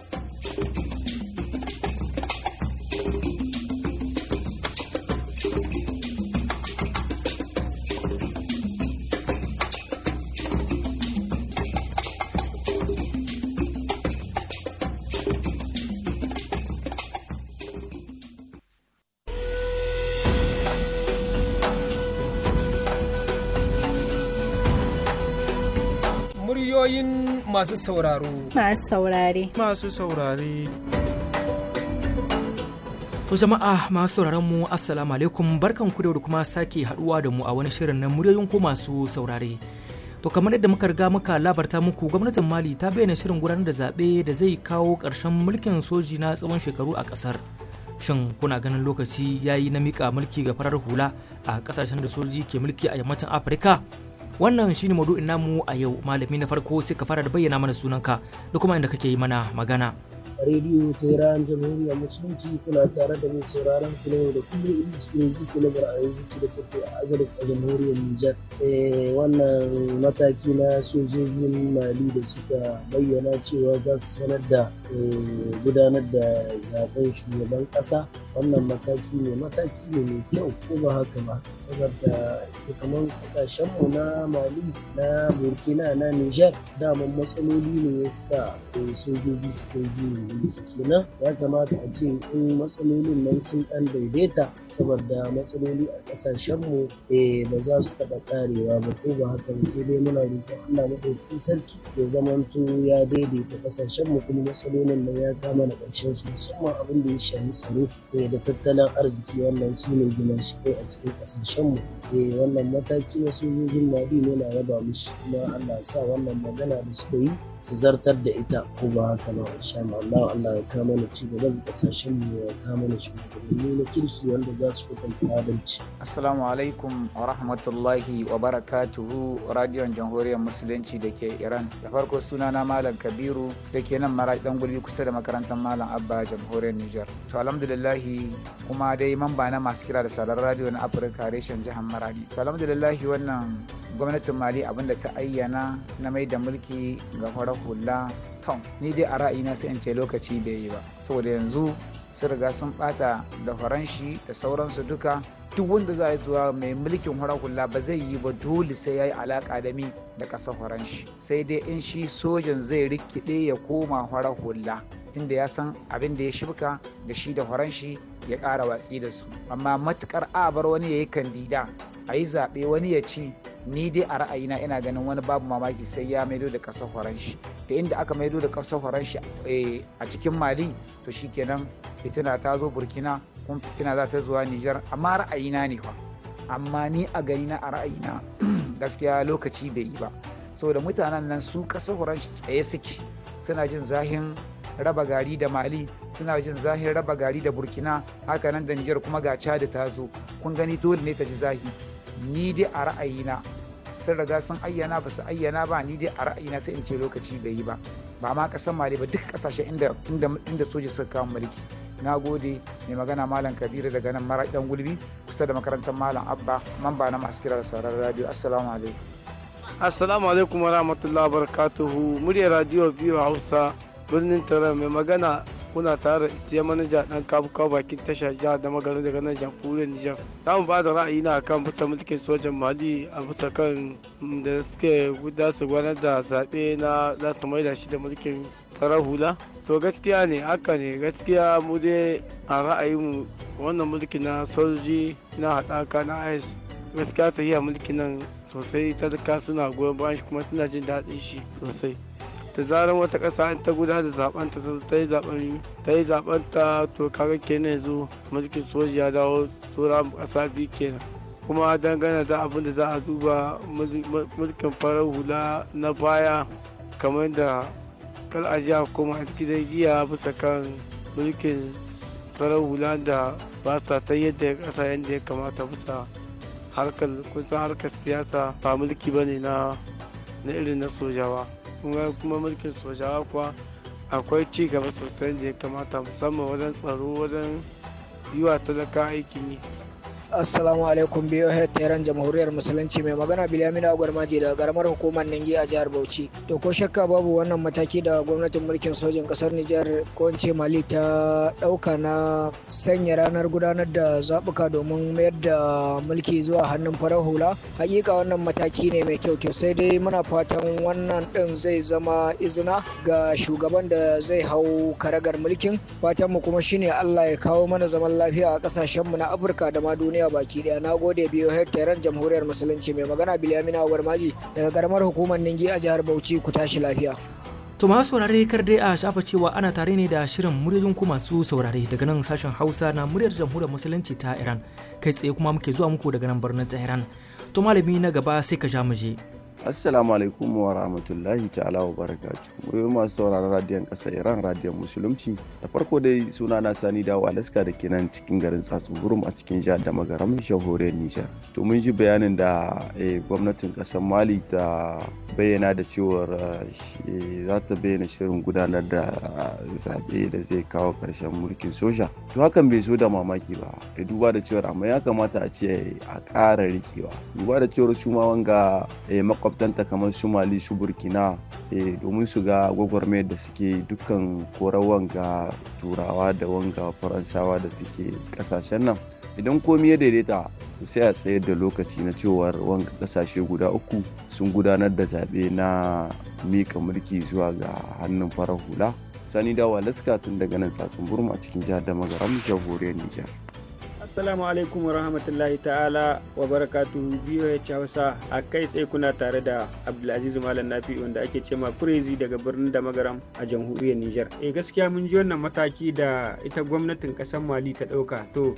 Muryoyin masu sauraro. Masu saurare. Masu saurare. To jama'a masu sauraron mu assalamu alaikum barkan ku da kuma sake haduwa da mu a wani shirin na muryoyin ku masu saurare. To kamar yadda muka riga muka labarta muku gwamnatin Mali ta bayyana shirin gudanar da zaɓe da zai kawo ƙarshen mulkin soji na tsawon shekaru a ƙasar. Shin kuna ganin lokaci ya yi na miƙa mulki ga farar hula a ƙasashen da soji ke mulki a yammacin Afirka? wannan shine maudu'in namu a yau malami na farko sai ka fara da bayyana mana sunanka da kuma inda kake yi mana magana rediyo tehran jamhuriyar musulunci kuna tare da mai sauraron da kuma da su ne zuke kulabar a zuke da take a agadas a jamhuriyar nijar eh, wannan mataki na sojojin mali da suka bayyana cewa za su sanar da eh, gudanar da zaben shugaban kasa wannan mataki ne mataki ne mai kyau ko ba haka ba saboda kamar kasashenmu na mali na burkina na nijar daman matsaloli ne ya sa eh, sojoji suka yi abin kenan ya kamata a ce in matsalolin nan sun ɗan daidaita saboda matsaloli a kasashen mu eh, ba za su taɓa karewa ba ko ba hakan sai dai muna roƙon Allah maɗaukakin sarki ya zamanto ya daidaita mu kuma matsalolin nan ya kama na ƙarshen su musamman abin da ya shafi tsaro eh, da tattalin arziki wannan su ne kai a cikin kasashen mu eh, wannan mataki na sojojin Mali ne na raba mishi, kuma Allah sa wannan magana da suka yi su zartar da ita ko ba haka ba insha Allah Allah ya kama mana ci kasashen kasashenmu ya kama na shugabanni na kirki wanda Gospel Adalci. Assalamu alaikum wa rahmatullahi wa barakatuhu radiyon jamhuriyar musulunci da ke Iran. Da farko suna na Malam Kabiru da ke nan mara dan gulbi kusa da makarantar Malam Abba jamhuriyar Nijar. To alhamdulillahi kuma dai mamba na masu kira da sarar radiyo na Afirka reshen jihar Maradi. To alhamdulillahi wannan gwamnatin Mali da ta ayyana na mai da mulki ga farar hula Tom ni dai a ra'ayina sai in ce lokaci bai yi ba saboda yanzu sun riga sun bata da faranshi da sauransu duka duk wanda za a zuwa mai mulkin horar hula ba zai yi ba dole sai ya yi alaƙa da mi da ƙasar faranshi sai dai in shi sojan zai rikide ya koma horar hula tunda ya san abin da ya shibka da shi da faranshi ya ƙara watsi da su amma matukar a bar wani ya yi kandida a yi zaɓe wani ya ci ni dai a ra'ayina ina ganin wani babu mamaki sai ya maido da ƙasar faranshi da inda aka maido da ƙasar faranshi eh, a cikin mali to shikenan fitina ta zo burkina kuma fitina za ta zuwa nijar amma ra'ayina ne fa amma ni a gani na a ra'ayina gaskiya lokaci bai yi ba saboda mutanen nan su ƙasar faranshi tsaye suke suna jin zahin raba gari da mali suna jin zahin raba gari da burkina haka nan da nijar kuma ga da ta zo kun gani dole ne ta ji zahi ni dai a ra'ayina sun riga sun ayyana ba su ayyana ba ni dai a ra'ayina sai in ce lokaci bai yi ba ba ma kasan mali ba duk kasashe inda inda soji suka kawo mulki na gode mai magana malam kabiru daga nan mara dan gulbi kusa da makarantar malam abba mamba na masu kira da sauran radio assalamu alaikum assalamu alaikum wa rahmatullahi wa barakatuhu muryar radio biyu hausa birnin tara mai magana kuna tare siya manaja dan kabuka bakin tasha jihar da magarin daga nan jamhuriyar Nijar. Za mu ba da ra'ayi na kan bisa mulkin sojan Mali a bisa kan da suke guda su gwanar da zaɓe na za su maida shi da mulkin farar hula. To gaskiya ne haka ne gaskiya mu dai a ra'ayinmu wannan mulki na sojoji na haɗaka na IS gaskiya ta yi a mulki nan sosai talaka suna goyon bayan shi kuma suna jin daɗin shi sosai. da zarar wata ƙasa in ta guda da zaben ta yi zaben ta yi zaben to kaga kenan yanzu mulkin soji ya dawo tura ƙasa biyu kenan kuma dangane da abin da za a duba mulkin farar hula na baya kamar da kar a ji kuma gidan giya bisa kan mulkin farar hula da ba sa ta yadda ƙasa yadda ya kamata bisa harkar kusan harkar siyasa ba mulki bane ne na irin na sojawa. kuma kuma mulkin sojawa kuwa akwai ci gaba sosai da ya kamata musamman wajen tsaro wajen yi wa talaka aikin yi Assalamu alaikum biyo taron jamhuriyar musulunci mai magana Bilyamin Agwarmaji daga garamar hukumar Ningi a jihar Bauchi. To ko shakka babu wannan mataki da gwamnatin mulkin sojin kasar Nijar ko in ce Mali ta dauka na sanya ranar gudanar da zabuka domin mayar da mulki zuwa hannun farar hula. Hakika wannan mataki ne mai kyau to sai dai muna fatan wannan din zai zama izina ga shugaban da zai hau karagar mulkin. Fatan mu kuma shine Allah ya kawo mana zaman lafiya a kasashen mu na Afirka da ma duniya. duniya baki daya na gode biyo taron jamhuriyar musulunci mai magana bilamina gwarmaji daga karamar hukumar ningi a jihar bauchi ku tashi lafiya To ma saurare kar dai a shafa cewa ana tare ne da shirin muryoyin ku masu saurari daga nan sashen Hausa na muryar jamhuriyar musulunci ta Iran kai tsaye kuma muke zuwa muku daga nan birnin Tehran. To malami na gaba sai ka ja mu je. assalamu alaikum wa rahmatullahi ta'ala wa barakatu mu masu sauraron radiyon ƙasa iran radiyon musulunci da farko dai suna na sani dawo alaska da kenan cikin garin tsatsungurum a cikin jihar da magaramin shahoriyar nijar to mun ji bayanin da eh, gwamnatin ƙasar mali ta bayyana da cewar eh, za ta bayyana shirin gudanar da eh, zaɓe da zai kawo ƙarshen mulkin soja to hakan bai zo da mamaki ba da duba da cewar amma ya kamata a ce a ƙara rikewa duba da cewar shuma wanga makwabtanta kamar su mali su burkina eh, domin su ga gwagwarmayar da suke dukkan korawan wanga turawa da wanga faransawa da suke kasashen nan idan komi ya daidaita to sai a tsayar da lokaci na cewar wanga kasashe guda uku sun gudanar da zaɓe na mika mulki zuwa ga hannun farar hula sani dawa laska tun daga nan tsatsun burma cikin jihar da magaram jamhuriyar nijar assalamu alaikum rahmatullahi ta'ala wa barakatu barakatuhu BOH Hausa a kai tsaye kuna tare da Abdulaziz Malam Nafi wanda ake cema kurezi daga birnin da magaram a jamhuriyar Nijar. E, gaskiya mun ji wannan mataki da ita gwamnatin kasar Mali ta ɗauka to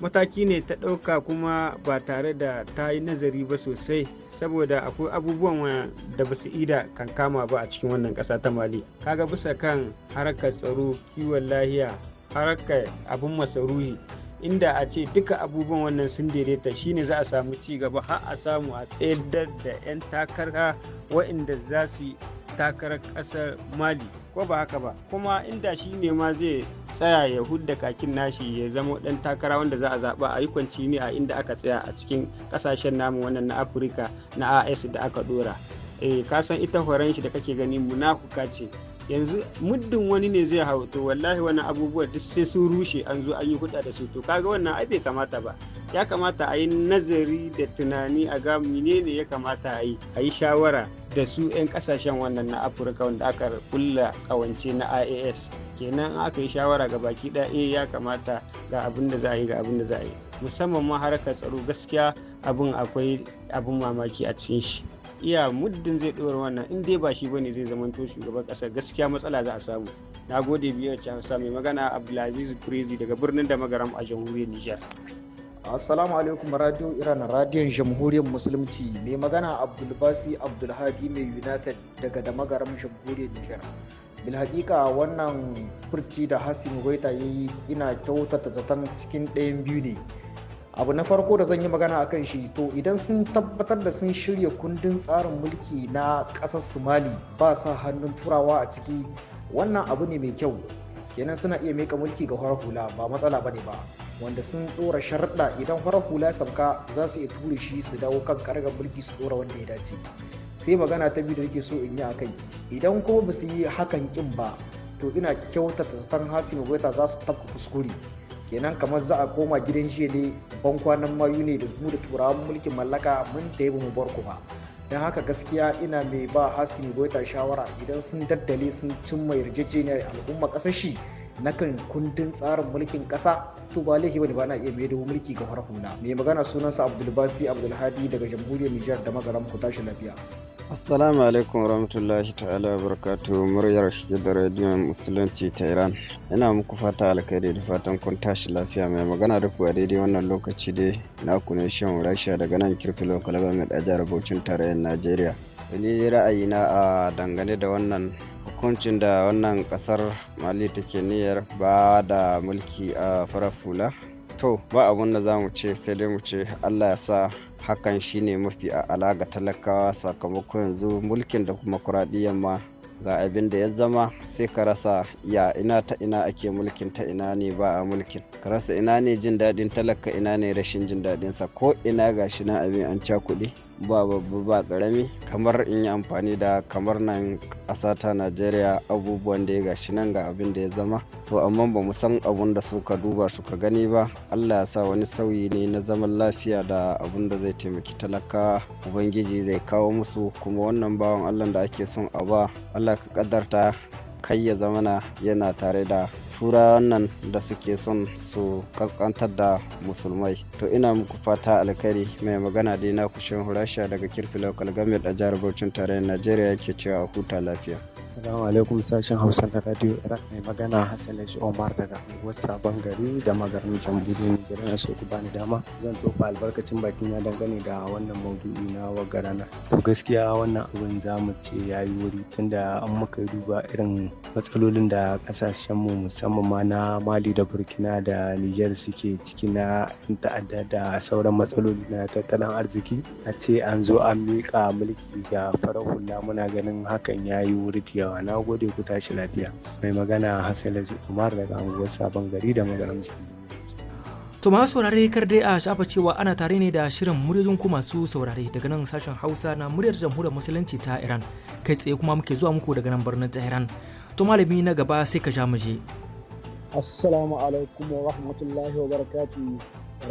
mataki ne ta ɗauka kuma ba tare da ta yi nazari ba sosai saboda akwai abubuwan da ba su ida kan kama ba a cikin wannan ƙasa ta mali kaga bisa kan harkar tsaro kiwon lahiya harkar abin masaruhi inda a ce duka abubuwan wannan sun daidaita shine za a samu ci gaba har a samu a tsayar da 'yan takara waɗanda za su takarar ƙasar mali ko ba haka ba kuma inda shi ne ma zai tsaya ya hudda kakin nashi ya zama ɗan takara wanda za a zaɓa a yi kwanci ne a inda aka tsaya a cikin ƙasashen namu wannan na afirka na as da aka ɗora eh kasan ita horon shi da kake gani munafuka ce yanzu muddin wani ne zai hau to wallahi wani abubuwa duk sai sun rushe an zo an yi huda da su to kaga wannan ai bai kamata ba ya kamata a yi nazari da tunani a ga menene ya kamata a yi a yi shawara da su 'yan kasashen wannan na afirka wanda aka kulla kawance na ias kenan aka yi shawara ga baki ɗaya eh, ya kamata ga abin da za a yi ga abin da za a yi musamman ma harkar tsaro gaskiya abin akwai abin mamaki a cikin shi iya muddin zai ɗora wannan in dai ba shi bane zai zamanto shugaban ƙasar gaskiya matsala za a samu na gode biyar a can mai magana abdulaziz crazy daga birnin da magaram a jamhuriyar nijar Assalamu alaikum Radio Iran Radiyon Jamhuriyar Musulunci mai magana Abdulbasi Abdulhadi mai United daga da magaram Jamhuriyar Nijar. Bilhaƙiƙa wannan furci da hasin Goita ya yi ina kyautata zaton cikin ɗayan biyu ne. abu na farko da zan yi magana a kan shi to idan sun tabbatar da sun shirya kundin tsarin mulki na ƙasar somali ba sa hannun turawa a ciki wannan abu ne mai kyau kenan suna iya mika mulki ga farar hula ba matsala ne ba wanda sun dora sharɗa idan farar hula sauka za su iya ture shi su dawo kan karagar mulki su dora wanda ya dace sai magana ta biyu da nake so in yi akai idan kuma ba su yi hakan kin ba to ina kyautata zaton hasi goita za su tafka kuskure kenan kamar za a koma gidan jiya ne ban kwanan mayu ne da mu da turawan mulkin mallaka mun da mu bar ku ba don haka gaskiya ina mai ba hasini goita shawara idan sun daddale sun cimma yarjejeniyar al'umma kasashe. na kan kundin tsarin mulkin ƙasa to ba laifi bane ba na iya maido mulki ga farahuna. mai magana sunansa abdulbasi abdulhadi daga jamhuriyar nijar da magaram ku tashi lafiya Assalamu alaikum warahmatullahi ta'ala barakatu muryar shige da rediyon musulunci ta Iran. Ina muku fata alkhairi da fatan kun tashi lafiya mai magana da ku a daidai wannan lokaci dai na ku ne shan Rasha daga nan kirfilo ba mai a jihar tarayyar Najeriya. Ni ra'ayina a dangane da wannan hukuncin da wannan kasar mali take niyyar ba da mulki a farar fula. to ba abun da za mu ce sai dai mu ce allah ya sa hakan shine mafi ala ga talakawa sakamakon yanzu mulkin da kuma kuraɗiyan ma ga abin da ya zama sai ka rasa ya ina ta ina ake mulkin ta ina ne ba a mulkin ka rasa ina ne jin daɗin talaka ina ne rashin jin daɗinsa ko ina gashi na abin an ca kuɗi? ba babba ba karami kamar in yi amfani da kamar nan ƙasa ta najeriya abubuwan da ya gashi nan ga abin da ya zama to amma ba mu san abun da suka duba suka gani ba allah ya sa wani sauyi ne na zaman lafiya da abun da zai taimaki talaka ubangiji zai kawo musu kuma wannan bawan allah da ake son a ba allah ka kadarta kai ya zamana yana tare da turawan nan da suke son su kaskantar da musulmai to ina muku fata alkari mai magana dai na kushin hurasha daga kirfi local government a jihar bauchin tarayyar najeriya yake cewa huta lafiya Assalamu alaikum sashen Hausa na Radio Iraq mai magana Hassan Lashi Omar daga unguwar Sabon Gari da magarin Jamhuriyar Nijar na so bani dama zan tofa albarkacin baki na dangane da wannan maudu'i na wagara na. To gaskiya wannan abin za mu ce ya yi wuri tunda an muka yi duba irin matsalolin da kasashen mu musamman ma na Mali da Burkina da Nijar suke ciki na ta'adda da sauran matsaloli na tattalin arziki a ce an zo an miƙa mulki ga farar hula muna ganin hakan ya yi wuri gawa na gode ku tashi lafiya mai magana hassan umar daga anguwar sabon gari da magaram To masu saurare kar dai a shafa cewa ana tare ne da shirin muryoyin ku masu saurare daga nan sashen Hausa na muryar jamhuriyar musulunci ta Iran kai tsaye kuma muke zuwa muku daga nan birnin Tehran. To malami na gaba sai ka ja mu je. Assalamu alaikum wa rahmatullahi wa barakatuh.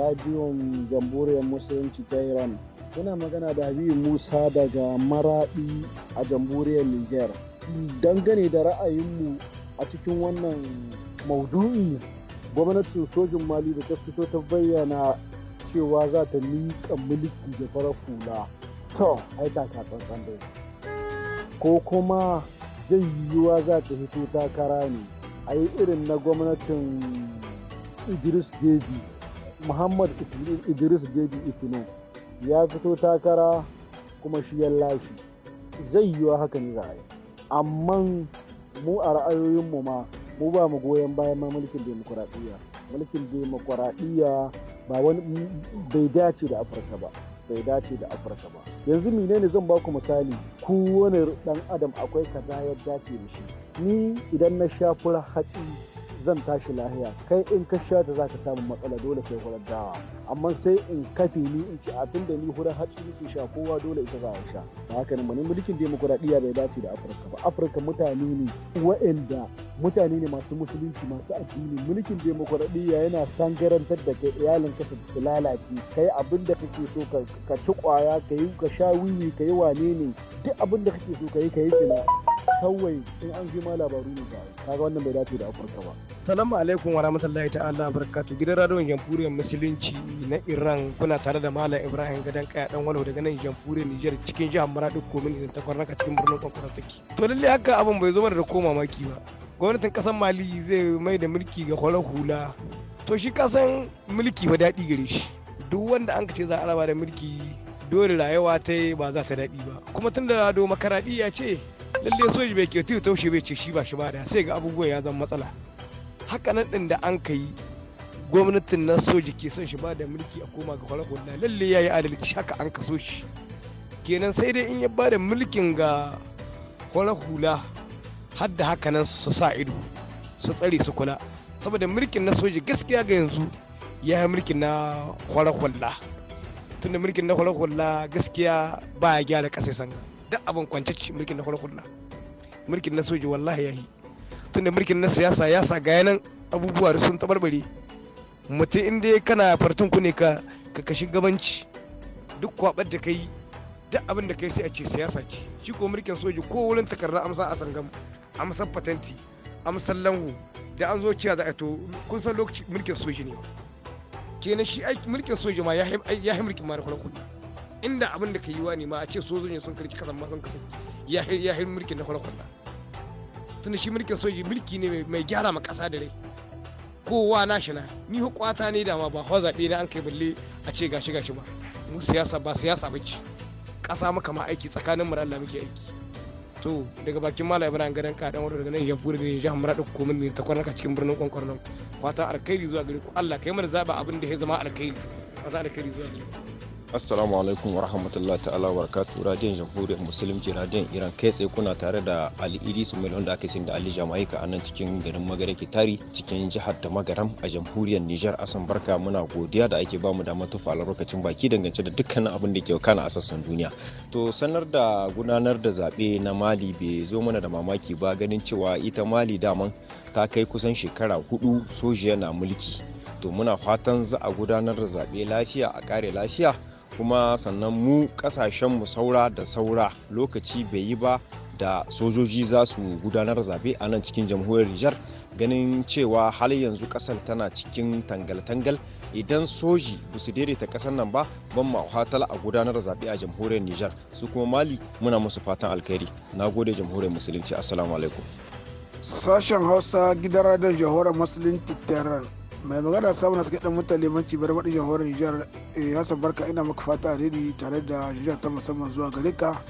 Radiyon jamhuriyar musulunci ta Iran. Kuna magana da Habibu Musa daga maraɗi a jamhuriyar Niger. dangane da ra'ayinmu a cikin wannan maudu'i gwamnatin sojin mali da ta fito ta bayyana cewa za ta miƙa mulki da farar hula to ai da ka tsantsan ko kuma zai yiwuwa za ta fito takara ne a yi irin na gwamnatin idris deji muhammad idris deji itino ya fito takara kuma shi ya lashe zai yiwuwa haka ne za a yi amma mu a ra'ayoyinmu ma mu ba mu goyon bayan ma mulkin demokuraɗiyya mulkin demokuraɗiyya ba wani bai dace da afirka ba bai dace da afirka ba yanzu menene zan baku misali wani dan adam akwai kaza ya dace da shi ni idan na sha fura hatsi zan tashi lahiya kai in ka sha ta za ka samu matsala dole sai hular dawa amma sai in kafe ni in ci a da ni hurar hatsi su sha kowa dole ita za a sha ba haka nan mulkin demokuraɗiyya bai dace da afirka ba afirka mutane ne wa'anda mutane ne masu musulunci masu addini mulkin demokuraɗiyya yana sangarantar da kai iyalin ka su lalace kai abin da kake so ka ci kwaya ka yi ka sha wiwi ka yi wane ne duk abin da kake so ka yi ka yi kina kawai in an fi ma labaru ne ba kaga wannan bai dace da afirka ba salamu alaikum wa rahmatullahi ta'ala barakatu. gidan radon jamhuriyar musulunci na iran kuna tare da malam ibrahim gadan kaya dan walau daga nan jamhuriyar niger cikin jihar maradi komin da takwarar cikin birnin kwakwara take to lallai haka abin bai zo mana da ko mamaki ba gwamnatin kasar mali zai mai da mulki ga kwarar hula to shi kasan mulki fa daɗi gare shi duk wanda an ce za a raba da mulki dole rayuwa ta ba za ta daɗi ba kuma tun da do makaraɗiya ce lalle soji bai ke tuyu taushe bai ce shi ba shi ba da sai ga abubuwa ya zama matsala hakanan din da an kai gwamnatin na soji ke son shi ba da mulki a koma ga farar na lalle ya yi adalci haka an kaso shi kenan sai dai in ya ba da mulkin ga farar hula har da hakanan su sa ido su tsare su kula saboda mulkin na soji gaskiya ga yanzu ya yi mulkin na farar tunda mulkin na farar hula gaskiya ba ya gyara kasai sanga duk abin kwance mulkin na hulhulla mulkin na soji wallahi yi tunda mulkin na siyasa ya sa gaya nan abubuwa da sun tabarbare mutum inda ya kana fartun ku ne ka kashi gabanci duk kwabar da kai duk abin da kai sai a ce siyasa ce shi ko mulkin soji ko wurin takarda amsa a sangam amsa patenti amsa lango da an zo cewa za a to kun san lokaci mulkin soji ne kenan shi mulkin soji ma ya yi mulkin mara kwalakwala inda abin da ka yi wani ma a ce ne sun karki kasan ma sun kasa ya yahir mulkin na farkon da tun shi mulkin soji mulki ne mai gyara ma kasa da rai kowa na shi na ni hukwata ne dama ba hawa zaɓe na an kai balle a ce gashi gashi ba mu siyasa ba siyasa ba ci kasa muka ma aiki tsakanin mu da Allah muke aiki to daga bakin malam ibrahim gadan ka dan daga nan jamhuriyar ne jihar da komin ne ta kwanaka cikin birnin kwankwarnon fatan alkhairi zuwa gare ku Allah kai mana zaba abin da ya zama alkhairi fatan alkhairi zuwa gare ku assalamu alaikum wa rahmatullahi ta'ala wa barakatuhu radiyon jamhuriyar musulunci radiyon iran kai tsaye kuna tare da ali idris mai da aka sin da ali jamaika a nan cikin garin magare kitari cikin jihar da magaram a jamhuriyar nijar san barka muna godiya da ake bamu damar tufa lokacin baki dangance da dukkanin abin da ke kana a sassan duniya to sanar da gudanar da zaɓe na mali bai zo mana da mamaki ba ganin cewa ita mali daman ta kai kusan shekara hudu sojiya na mulki to muna fatan za a gudanar da zaɓe lafiya a kare lafiya kuma sannan mu mu saura da saura lokaci bai yi ba da sojoji za su gudanar zaɓe a nan cikin jamhuriyar Nijar ganin cewa har yanzu ƙasar tana cikin tangal-tangal idan soji ba su daidaita ƙasar nan ba ban ma a gudanar da zaɓe a jamhuriyar Nijar su kuma Mali muna musu fatan alkhairi na gode jamhuriyar musulunci assalamu alaikum sashen hausa gidan radar jamhuriyar musulunci tehran mai magana samun na dan mutan limanci bar maɗin jahorar nijar eh, san barka ina maka fata a redi tare da nijar ta musamman zuwa gare ka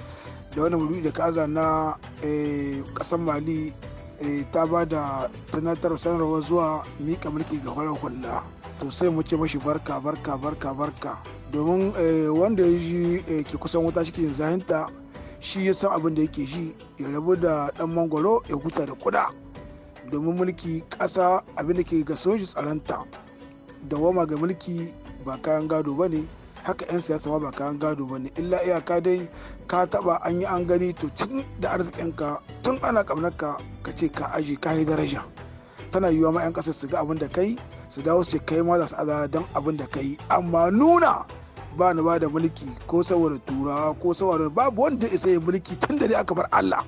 da wani mulki da kaza na eh, ƙasar mali eh, ta ba da tunatar sanarwa zuwa miƙa mulki ga kwallon hula to sai mu ce mashi barka barka barka barka domin wanda ya ji ke kusan wuta shi ke zahinta shi ya san abin da yake ji ya rabu da ɗan mangwaro ya huta da kuɗa. domin mulki ƙasa abin da ke ga soji tsaronta dawama ga mulki ba kayan gado ba ne haka 'yan siyasa ba kayan gado ba ne illa iyaka dai ka taba an yi an gani to tun da arzikinka tun ana kamnarka ka ce ka aji ka yi daraja tana yiwuwa ma 'yan ƙasar su ga abin da kai su dawo su kai ma za su ada don abin da kai amma nuna ba ni ba da mulki ko saboda turawa ko saboda babu wanda isa ya mulki tun da dai aka bar Allah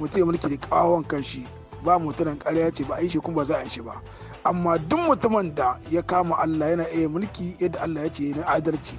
mutum ya mulki da kawon kanshi ba mutumin karya ce ba a yi shi kuma ba za a yi shi ba amma duk mutumin da ya kama Allah yana iya mulki yadda Allah ya ce yana adalci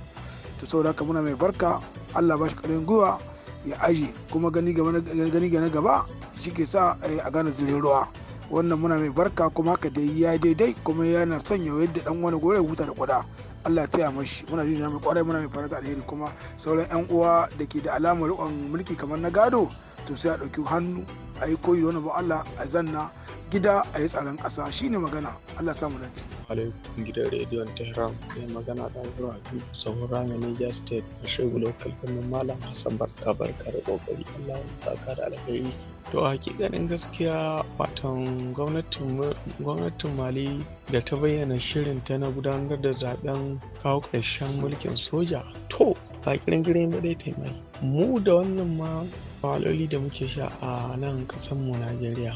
to saboda haka muna mai barka Allah ba shi karin gwiwa ya aji kuma gani ga na gaba shi ke sa eh, a gane zirin ruwa wannan muna mai barka kuma haka dai ya daidai kuma yana sanya yadda dan wani gore huta da kuda Allah ta taya mashi muna jin mai kwarai muna mai farata alheri kuma sauran yan uwa da ke da alamar mulki kamar na gado to sai a ɗauki hannu a yi koyi wani ba Allah a zanna gida a yi tsaron ƙasa shine magana Allah samu lafiya. alaikum gidan rediyon tehran mai magana da wura biyu saura mai niger state a shegu lokal malam hassan barka barka da kokari allah taka da alkhairi to hakikanin gaskiya watan gwamnatin mali da ta bayyana shirin ta na gudanar da zaben kawo ƙarshen mulkin soja to ba kirin girin ya dai mu da wannan ma Wahaloli da muke sha a nan mu Najeriya.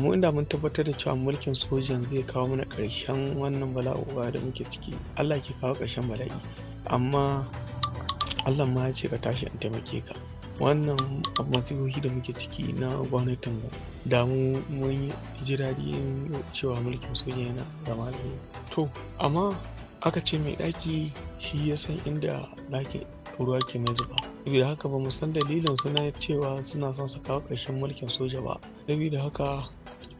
Mu inda mun tabbatar da cewa mulkin sojan zai kawo mana ƙarshen wannan bala'uwa da muke ciki. Allah ke kawo ƙarshen bala'i. Amma Allah ma ya ce ka tashi in taimake ka. Wannan masihohi da muke ciki na gwamnatin mu da mu mun ji daɗin cewa mulkin sojan yana zama da To, amma aka ce mai ɗaki shi ya san inda ɗakin ruwa ke mai zuba saboda haka ba san dalilin su na cewa suna son su kawo ƙarshen mulkin soja ba saboda haka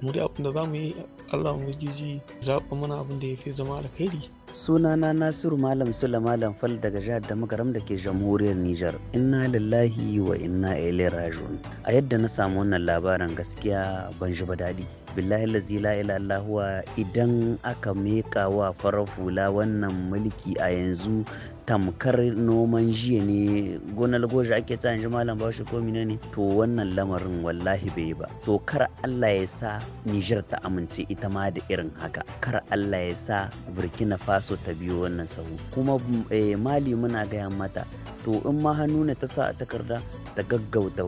mu dai abin da za mu yi allah mu giji zaɓa mana abin da ya fi zama alkhairi sunana nasiru malam sula malam fal daga jihar da magaram da ke jamhuriyar Nijar. inna lillahi wa inna ilaihi rajiun a yadda na samu wannan labarin gaskiya ban ji ba daɗi billahi lazi la ilaha idan aka meka wa farar hula wannan mulki a yanzu tamkar noman jiya ne gonar goji ake ta yanzu malam bashi ko mine ne to wannan lamarin wallahi bai ba to kar Allah ya sa Niger ta amince ita ma da irin haka kar Allah ya sa Burkina Faso ta biyo wannan sahu kuma eh, Mali muna gaya mata to in ma hannu ne ta sa a takarda ta gaggauta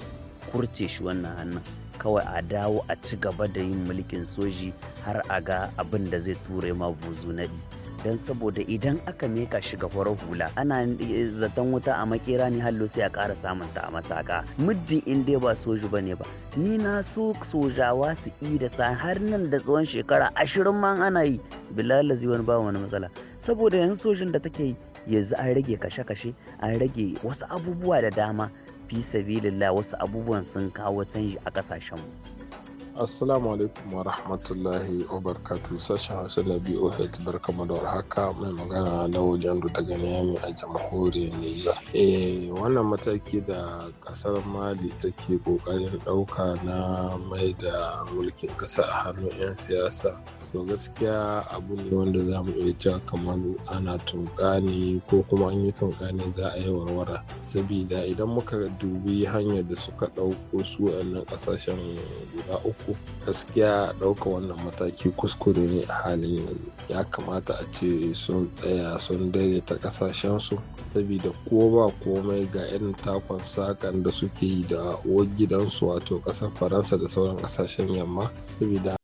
kurce shi wannan hannun kawai a dawo a ci gaba da yin mulkin soji har a ga abin da zai ture ma buzu naɗi. don saboda idan aka meka shiga ga hula ana e, zaton wuta a makera ne hallo sai a kara samun ta a masaka muddin in dai ba soji ba ne ba ni na so sojawa su yi da sa har nan da tsawon shekara ashirin ma ana yi bilal wani ba wani matsala saboda yan sojin da take yi yanzu an rage kashe-kashe an rage wasu abubuwa da dama fi sabilillah wasu abubuwan sun kawo canji a kasashenmu. Assalamu alaikum wa rahmatullahi wa barkatu sashen Hausa na BOH barkamu da haka mai magana na wajen ta gani a jamhuriyar Nijar. Eh wannan mataki da kasar Mali take kokarin ɗauka na mai da mulkin ƙasa a hannun 'yan siyasa to gaskiya abu ne wanda za mu iya cewa kamar ana tunkani ko kuma an yi tunkani ne za a yi warwara sabida idan muka dubi hanyar da suka ɗauko su waɗannan ƙasashen guda uku gaskiya ɗauka wannan mataki kuskure ne a halin yanzu ya kamata a ce sun tsaya sun daidaita su? sabida ko ba komai ga irin takon sakan da suke yi da uwar gidansu wato ƙasar faransa da sauran ƙasashen yamma sabida